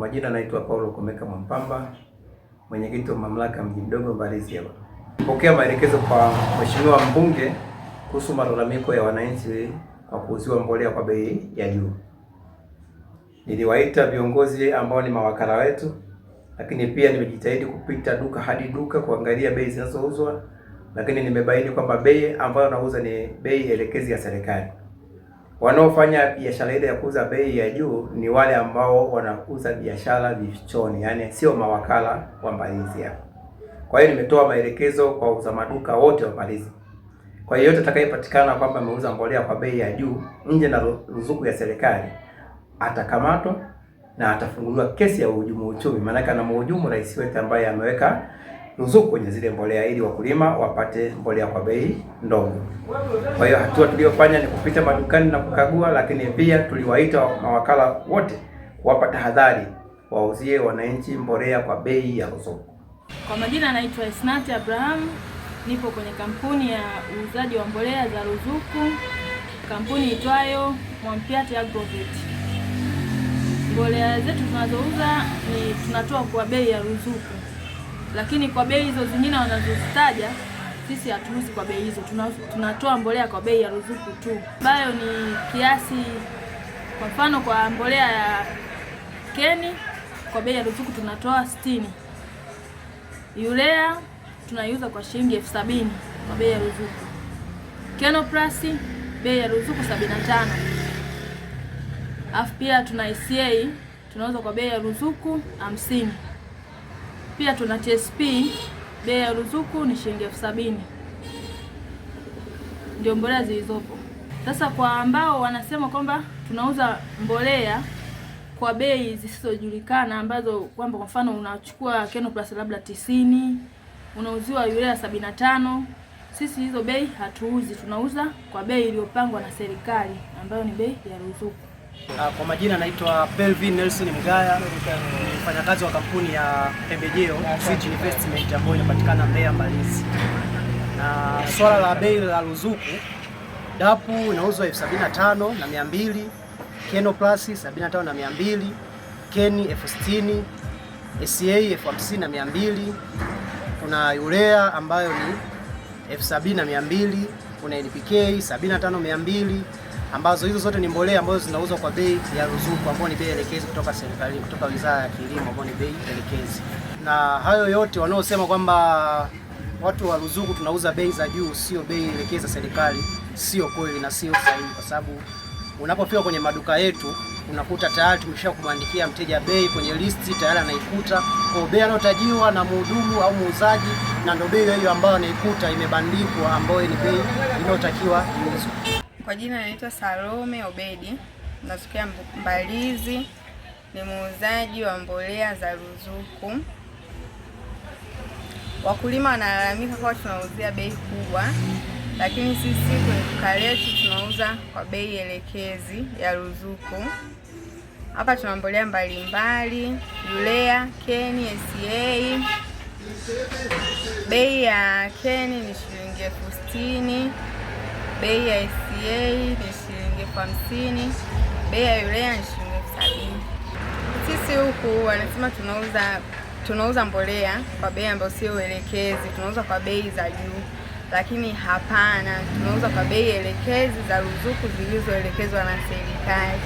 majina naitwa Paulo Komeka Mwampamba, mwenyekiti wa mamlaka mji mdogo Mbalizi hapa. Pokea maelekezo kwa mheshimiwa mbunge kuhusu malalamiko ya wananchi kwa kuuziwa mbolea kwa bei ya juu. Niliwaita viongozi ambao ni mawakala wetu, lakini pia nimejitahidi kupita duka hadi duka kuangalia bei zinazouzwa, lakini nimebaini kwamba bei ambayo nauza ni bei elekezi ya serikali wanaofanya biashara ile ya kuuza bei ya juu ni wale ambao wanauza biashara vichoni, yaani sio mawakala wambalizi hapa. Kwa hiyo nimetoa maelekezo kwa wauza maduka wote malizi. Kwa hiyo yote atakayepatikana kwamba ameuza mbolea kwa bei ya juu nje na ruzuku ya serikali atakamatwa na atafunguliwa kesi ya uhujumu uchumi, maanake mhujumu rais wetu ambaye ameweka ruzuku kwenye zile mbolea ili wakulima wapate mbolea kwa bei ndogo. Kwa hiyo hatua tuliyofanya ni kupita madukani na kukagua, lakini pia tuliwaita mawakala wote kuwapa tahadhari wauzie wananchi mbolea kwa bei ya ruzuku. Kwa majina anaitwa Esnati Abraham, nipo kwenye kampuni ya uuzaji wa mbolea za ruzuku, kampuni itwayo Mwampiati Agrovet. Mbolea zetu tunazouza ni tunatoa kwa bei ya ruzuku lakini kwa bei hizo zingine wanazozitaja sisi hatuuzi kwa bei hizo, tunatoa mbolea kwa bei ya ruzuku tu, ambayo ni kiasi. Kwa mfano kwa mbolea ya keni kwa bei ya ruzuku tunatoa sitini, Yulea tunaiuza kwa shilingi elfu sabini kwa bei ya ruzuku, Plus bei ya ruzuku sabini na tano, alafu pia tuna ICA tunauza kwa bei ya ruzuku hamsini. Pia tuna TSP, bei ya ruzuku ni shilingi elfu sabini. Ndio mbolea zilizopo sasa. Kwa ambao wanasema kwamba tunauza mbolea kwa bei zisizojulikana ambazo kwamba kwa mfano unachukua keno Plus labda tisini unauziwa urea sabini na tano sisi hizo bei hatuuzi, tunauza kwa bei iliyopangwa na serikali ambayo ni bei ya ruzuku. Ah, kwa majina naitwa Pelvin Nelson Mgaya, ni mfanyakazi wa kampuni ya pembejeo Switch Investment ambayo inapatikana Mbeya Mbalizi. Na swala la bei la ruzuku, dapu inauzwa elfu sabini na tano na mia mbili Keno Plus sabini na tano na mia mbili Keni elfu sitini SA elfu hamsini na mia mbili kuna urea ambayo ni elfu sabini na mia mbili kuna NPK elfu sabini na tano mia mbili ambazo hizo zote ni mbolea ambazo zinauzwa kwa bei ya ruzuku ambayo ni bei elekezi kutoka serikali, kutoka Wizara ya Kilimo ambayo ni bei elekezi. Na hayo yote wanaosema kwamba watu wa ruzuku tunauza bei za juu, sio bei elekezi za serikali, sio kweli na sio sahihi, kwa sababu unapofika kwenye maduka yetu unakuta tayari tumesha kumwandikia mteja bei kwenye listi tayari anaikuta kwa bei anayotajiwa na mhudumu au muuzaji, na ndio bei hiyo ambayo anaikuta imebandikwa, ambayo ni bei inayotakiwa iuzwe. Kwa jina naitwa Salome Obedi, natokea Mbalizi, ni muuzaji wa mbolea za ruzuku. Wakulima wanalalamika kuwa tunauzia bei kubwa, lakini sisi kwenye duka letu tunauza kwa bei elekezi ya ruzuku. Hapa tuna mbolea mbalimbali, Urea, Keni, SA. Bei ya Keni ni shilingi elfu sitini bei ya ACA ni shilingi elfu hamsini, bei ya urea ni shilingi elfu sabini. Sisi huku wanasema tunauza tunauza mbolea kwa bei ambayo sio elekezi, tunauza kwa bei za juu, lakini hapana, tunauza kwa bei elekezi za ruzuku zilizoelekezwa na serikali.